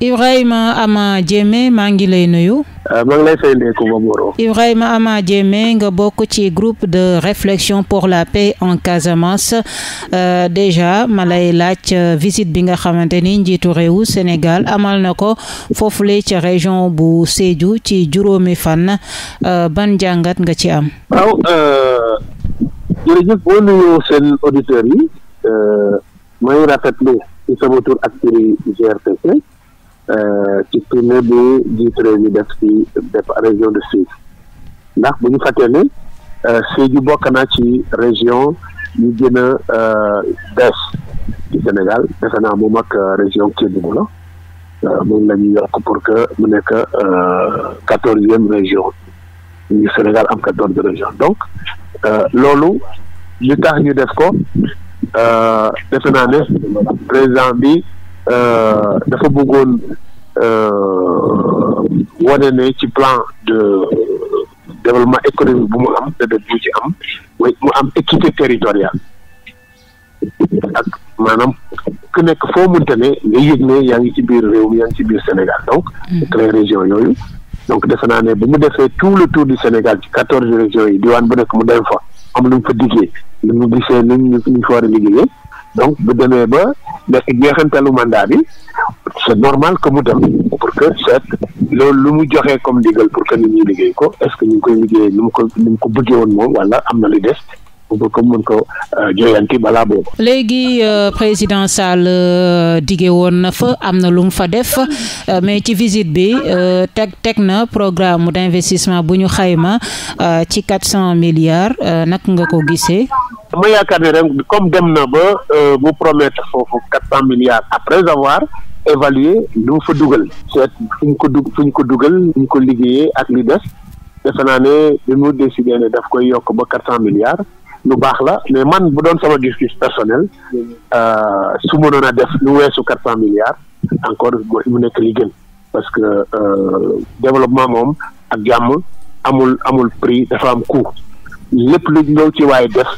Ibrahima Ama Diémé maa ngi lay nuyu. Euh, maa ngi lay nga bokk ci groupe de réflexion pour la paix en Casamance euh, déjà ma laaj euh, visite bi nga xamante ni njiitu réewu Sénégal amal na ko foofule ci région bu Sédhiou ci juróomi fan ban jàngat nga ci am. waaw jërëjëf boo nuyoo seen auditeurs yi may rafetlu ci sama ak ci GRTC. Euh, ci tournée bi jiitu réew mi def ci région de Sédhiou ndax bu ñu fàttee ne euh, Sédhiou bokk naa ci région yu gën a euh, bees ci Sénégal defe naa moom ak région Kédougou la moom la ñuy yokk pour que mu nekk quatorzième région ñu Sénégal am quatorze région donc loolu ñu tax ñu def ko defe naa ne président bi Euh, dafa bëggoon euh, wane ne ci plan de développement économique bu mu am te de bu ci am mu am équité territoriale ak maanaam ku nekk foo mënta ne nga yëg ne yaa ngi ci biir réew yaa ngi ci biir Sénégal donc mm. très région yooyu donc defe naa ne bu mu defee tout le tour du Sénégal ci quatorze régions yi diwaan bu nekk mu dem fa am lu mu fa diggee lu mu gisee lu ñu fa war a liggéeyee donc bu demee ba nekk jeexantalu mandat bi c' est normal que mu dem pour que seet loolu lu mu joxee comme digal pour que nit ñi liggéey ko est ce que ñu ngi koy liggéey ni mu ko ni mu ko bëggee woon moom wala am na lu des pour que mën ko euh, jëlanti balaa boobu. léegi euh, président Sall euh, dige woon na fa am na lu mu fa def mais ci visite bi teg teg na programme d' investissement bu ñu xayma ci quatre cent milliards naka nga ko gisee. ma yaakaar ne ren comme dem na ba mu promettre foofu quatre milliards après avoir évalué lu mu fa dugal seet fu ñu ko dug fu ñu ko dugal fu ñu ko liggéeyee ak li des defe naa ne bi mu décidé ne daf koy yokk ba quatre cent milliards. lu baax la mais man bu doon sama gis-gis personnel euh, su mënoon a def lu weesu quatre cent milliards encore mooy mu nekk li gën parce que euh, développement moom ak jàmm amul amul prix dafa am coût lépp lu ñëw ci waaye def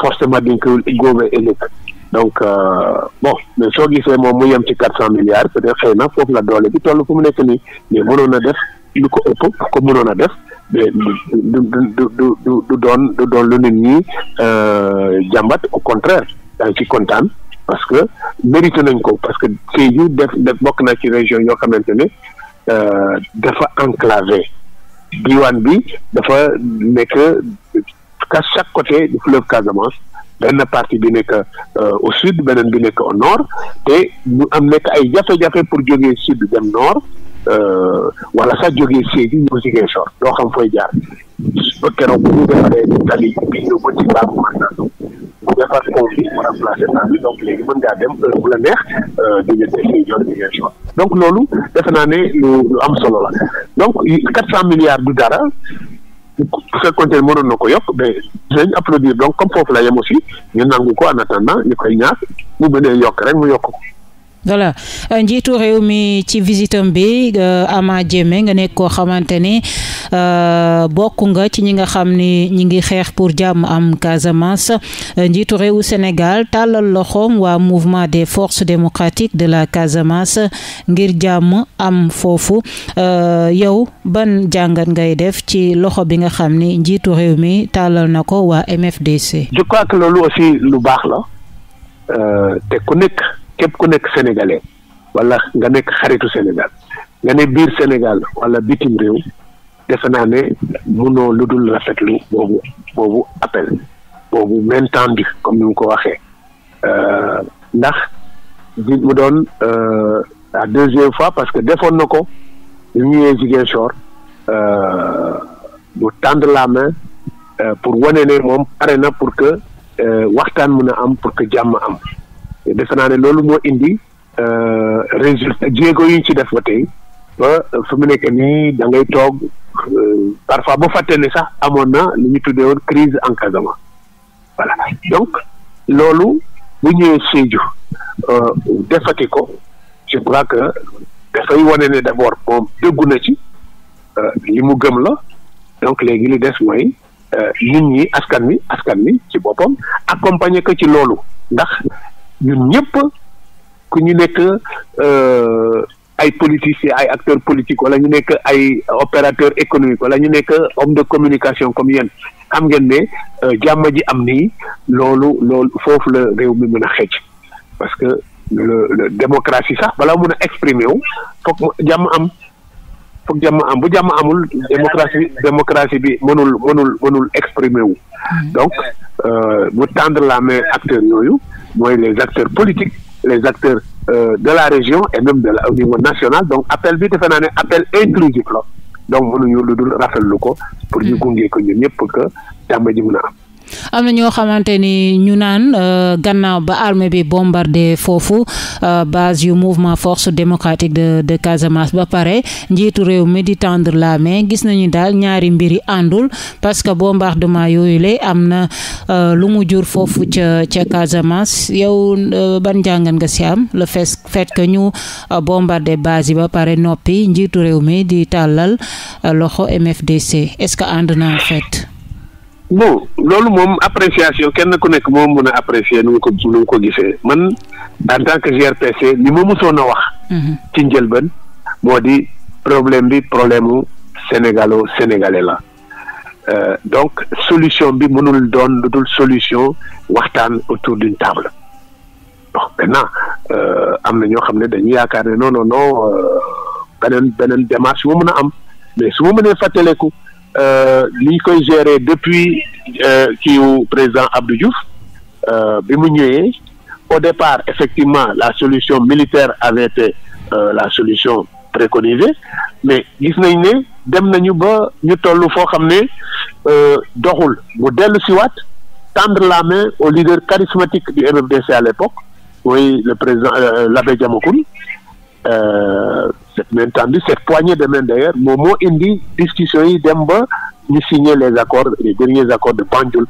forcément dañ koy góobee ëllëg donc euh, bon mais soo gisee moom mu yem ci quatre cent milliards peut-être xëy na foofu la doole bi toll fu mu nekk nii mais mënoon a def lu ko ëpp ko mënoon a def du du du du doon doon lu nit ñi euh, jàmbat au contraire daal ci kontaan parce que mérité nañ ko parce que Sédhiou def def bokk na ci région yoo xamante ne euh, dafa enclavé diwaan bi dafa nekk à chaque côté du fleuve Casamance benn partie bi nekk euh, au sud beneen bi nekk au nord te ñu am nekk ay jafe-jafe pour jógee sud dem nord. Euh, wala sax jógee Sédhi ñëw Ziguinchor doo xam fooy jaar ba bu ñu defaree tali defar pont mu remplacé temps donc léegi mën ngaa dem heure bu la neex euh, diggante Sédhiou Ziguinchor donc loolu defe naa ne lu lu am solo la donc quatre cent milliards du dara. bu fekkoon ne mënoon na ko yokk mais dinañ applaudir donc comme foofu la yem aussi ñu nangu ko en attendant ñu koy ñaar mu bënee yokk rek mu yokk voilà euh, njiitu réew mi ci visitam bi euh, Ama Diémé nga nekk koo xamante ni euh, bokk nga ci ñi nga xam ni ñi ngi xeex pour jàmm am Casamance njiitu réewu Sénégal tàllal loxoom waa mouvement des forces démocratiques de la Casamance ngir jàmm am foofu yow ban jàngat ngay def ci loxo bi nga xam ni njiitu réew mi tàllal na ko waa MFDC. je crois que loolu aussi lu baax la te ku nekk. képp ku nekk sénégalais wala nga nekk xaritu Sénégal nga ne biir Sénégal wala bitim réew defe naa ne mënoo ludul dul rafetlu boobu boobu appel boobu main tendue comme ni mu ko waxee euh, ndax bi mu doon à euh, deuxième fois parce que defoon na ko ñu ñëwee Ziguinchor euh, mu tendre la main pour wone ne moom pare na pour que waxtaan mën a am pour que jàmm am. defe naa ne loolu moo indi euh, résultat jéego yi ñu ci def ba euh, fu mu nekk nii da toog euh, parfois boo fàtte ne sax amoon na lu ñu woon crise en voilà donc loolu bu ñëwee Sédhiou defati ko je crois que dafay wane ne d'abord moom déggu na ci li mu gëm la donc léegi li des mooy nit ñi askan wi askan wi ci boppam accompagner ko ci loolu ndax ñun ñëpp ku ñu nekk euh, ay politiciens ay acteurs politiques wala ñu nekk ay opérateurs économique wala ñu nekk homme de communication comme yéen am ngeen ne euh, jàmm ji am nii loolu lool foofu la réew mi mën a xëcc parce que le, démocratie sax balaa mën a exprimer wu foog jàmm am foog jàmm am bu jàmm amul démocratie démocratie bi mënul mënul mënul exprimer wu mm-hmm. donc euh, mu tendre la main acteurs yooyu mooy les acteurs politiques les acteurs euh, de la région et même de la au niveau national donc appel bi defe naa ne appel inclusif la donc ñu lu dul rafetlu ko pour ñu mm. gunge ko ñun ñëpp que jàmm ji mën a am. am na ñoo xamante ni ñu naan euh, gannaaw ba armée bi bombardé foofu euh, base yu mouvement force démocratique de de Casamance ba pare njiitu réew mi di tendre la mais gis nañu daal ñaari mbiri àndul parce que bombardement yooyu lay am na euh, lu mu jur foofu ca ca Casamance yow ban jàngan nga si am le fait fait que ñu bombardé base yi ba pare noppi njiitu réew mi di tàllal loxo MFDC est-ce que ànd naa en bon loolu moom appréciation kenn ku nekk moom mën a apprécier nu mu ko nu mu ko gisee man en tant que GRPC li ma mosoon a wax. Mhm. ci njëlbeen moo di problème bi problème mu sénégalo sénégalais la euh, donc solution bi mënul doon lu dul solution waxtaan autour d'une table bon maintenant euh, am na ñoo xam ne dañuy yaakaar ne noonu non non euh, beneen beneen démarche bu mën a am mais su ma mënee fàttaleku. Euh, li ñu koy gérer depuis kiiwu euh, président Abdou Diouf euh, bi mu ñëwee au départ effectivement la solution militaire avait été la solution préconisée mais gis nañ ne dem nañu ba ñu toll foo xam ne doxul mu dellu siwaat tendre la main au leader charismatique du MFDC à l'époque mooy le président l'abbé Diamecoune Euh, cette main tendue cette poignée de main d'ailleurs moom moo indi discussion yi dem ba ñu signer les accords les derniers accords de Banjul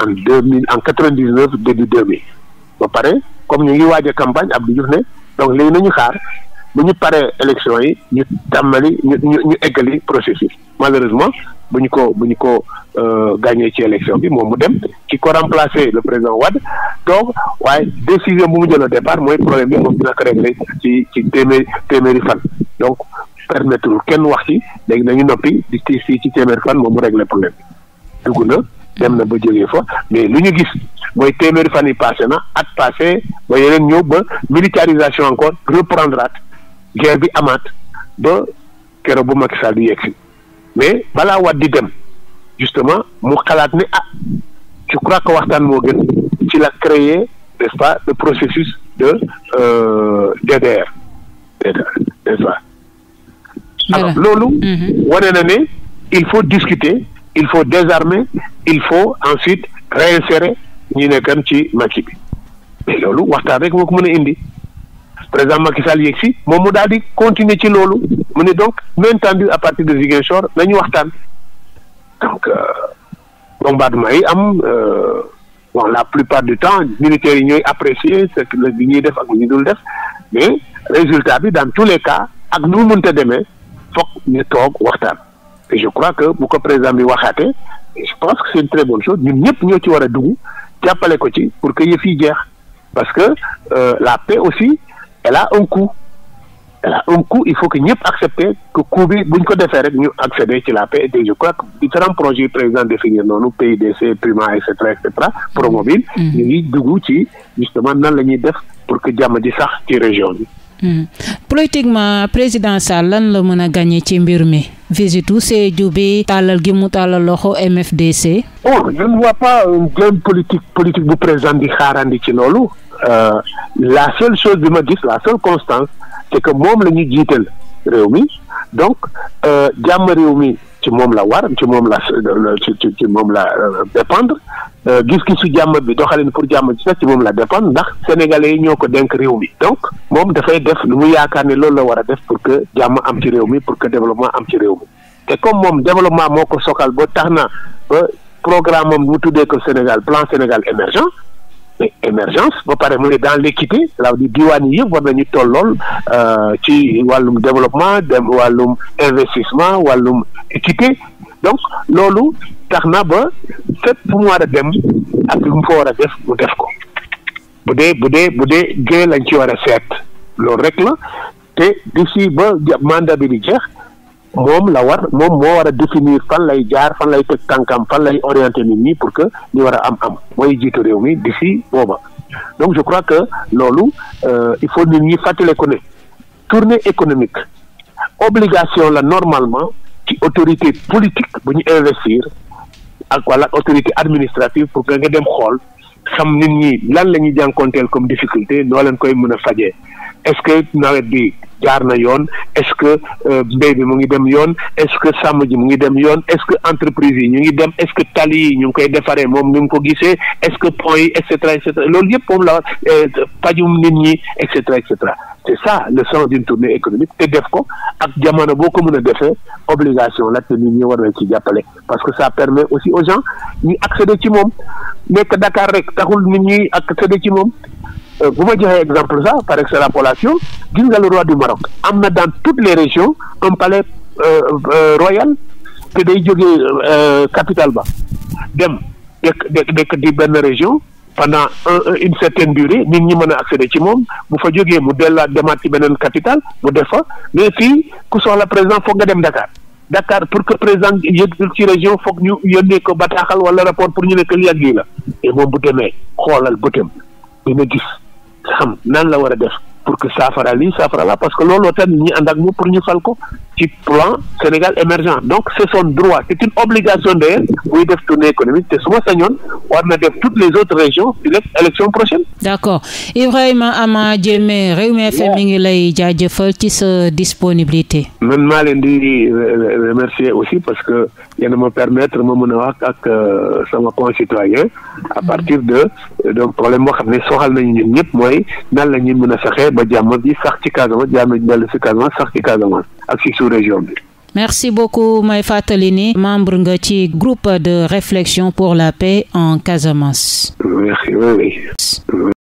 en deux mille en quatre-vingt-dix-neuf début deux mille ba pare comme ñu ngi waaj a campagne Abdou Diouf ne donc léegi ñu xaar bu ñu paree élection yi ñu tàmbali ñu ñu ñu eggali processus malheureusement bu ñu ko bu ñu ko euh, gagné ci élection bi moom mu dem ki ko remplacé le président Wade toog waaye décision bu mu jël au départ mooy problème bi moom dina ko réglé ci ci téeméeri téeméeri fan donc permettre kenn wax ci léegi ñu noppi di tiis fii ci téeméeri fan moom mu réglé problème bi dugg na dem na ba jógee fa mais lu ñu gis mooy téeméeri fan yi passé na at passé ba yeneen ñëw ba militarisation encore reprendraat guerre bi amaat ba keroog bu Macky Sall di yegsi mais balaa wat di dem justement mu xalaat ni ah je crois que waxtaan moo gën ci la créer n'est-ce pas le processus de euh, DDR nest pas alors loolu mhm. wane na ne il faut discuter il faut désarmer il faut ensuite réinsérer ñu nekkan ci Macky bi loolu waxtaan rek moo ko mën a indi président Macky Sall yegg si moom mu daal di continuer ci loolu mu ne donc main tendue à partir de Ziguinchor nañu waxtaan donc euh, bombardement yi am euh, bon la plupart du temps militaires yi ñooy apprécier ce que bi ñuy def ak li ñu dul def mais résultat bi dans tous les cas ak nu mu mënta demee foog ñu toog waxtaan je crois que bu ko président bi waxaate je pense que c'est très bonne chose ñun ñëpp ñoo ci war a dugg jàppale ko ci pour que yëf yi jeex parce que euh, la paix aussi elle a un coût elle a il faut que ñëpp accepter que coût bi bu ñu ko defee rek ñu accéder ci la paix et je crois que différents projets président définir noonu PIDC Prima et cetera et cetera Promoville mm. ñu ngi dugg ci justement nan la ñuy def pour que jàmm ji sax ci région bi Hmm. politiquement président Sall lan la mën a gagné ci mbir mi visite u Sédhiou bi tàllal gi mu tàllal loxo MFDC. bon oh, je ne vois pas un politique politique bu président di xaarandi ci loolu. Euh, la seule chose bi ma gis la seule constance c'est que moom la ñu jiital réew mi donc euh, jàmm réew mi ci moom la war ci moom la ci ci moom la euh, dépendre gis-gisu jàmm bi doxalin pour jàmm ci sax ci moom la dépendre ndax sénégalais yi ñoo ko denk réew mi donc moom dafay def lu mu yaakaar ni loolu la war a def pour que jàmm am ci réew mi pour que développement am ci réew mi te comme moom développement moo ko sokal boo tax na ba programme am mu tuddee ko Sénégal plan Sénégal émergent émergence ba pare mu ne dans l'équité la di diwaan yi yëpp war nañu tollool euh, ci wàllum développement dem wàllum investissement wàllum équité donc loolu tax na ba fépp fu mu war a dem ak lu mu fa war a def mu def ko bu dee bu dee bu dee gée lañ ci war a seet loolu rek la te d'ici ba mandat bi di jeex moom la war moom moo war a définir fan lay jaar fan lay teg tànkam fan lay orienter nit ñi pour que ñu war a am am mooy jiitu réew mi si booba donc je crois que loolu euh, il faut nit ñi fàttale ko ne tournée économique obligation la normalement ci autorité politique bu ñu investir ak wala autorité administrative pour que nga dem xool xam nit ñi lan la ñuy jànkoonteel comme difficulté noo leen koy mën a fajee est-ce que nawet bi jaar na yoon est-ce que euh, mbey bi mu ngi dem yoon est-ce que sàmm ji mu ngi dem yoon est-ce que entreprise yi ñu ngi dem est-ce que tali yi ñu ngi koy defaree moom ni mu ko gisee est-ce que pont yi et cetera et cetera loolu yëpp moom la euh, pajum nit ñi et cetera et cetera c'est ça le sens d'une tournée économique te def ko ak jamono boo ko mun a defee obligation la te nit ñi war na ci jàppale parce que ça permet aussi aux gens ñu accéder ci moom nekk Dakar rek taxul nit ñi accéder ci moom. bu ma joxee exemple sax par extrapolation gis nga le roi du Maroc am na dans toutes les régions un palais euh, euh, royal te day jógee euh, capital ba dem dëkk dëkk di benn région pendant un certaine durée nit ñi mën a accéder ci moom bu fa jógee mu delluwaat demaat ci beneen capitale mu def fa mais fii ku soxla président foog nga dem Dakar Dakar pour que président yëg ci région foog ñu yónnee ko bataaxal wala rapport pour ñu nekk lii ak yi la moom bu demee xoolal bëtam dina xam nan la war a def pour que saafara lii saafara la parce que looloo tax ñi ànd ak moom pour fal ko ci plan Sénégal émergent donc c'est son droit c'est une obligation d'ailleurs buy def tournée économique te su ma sañoon war na def toutes les autres régions di def élection prochaine d'accord Ibrahima Ama Diémé Rewmi FM mi ngi lay jaajëfal ci sa disponibilité man maa leen di euh, remercier aussi parce que yéen moo permettre ma mën a wax ak euh, sama concitoyen à mm-hmm. partir de donc problème boo xam ne soxal nañu ñun ñëpp mooy nan la mun a fexe ba jàmm bi sax ci Casamance jàmm ji sax ci ak ci sous-région bi. merci beaucoup may fàttali ni membre nga ci groupe de réflexion pour la paix en Casamance. merci oui oui.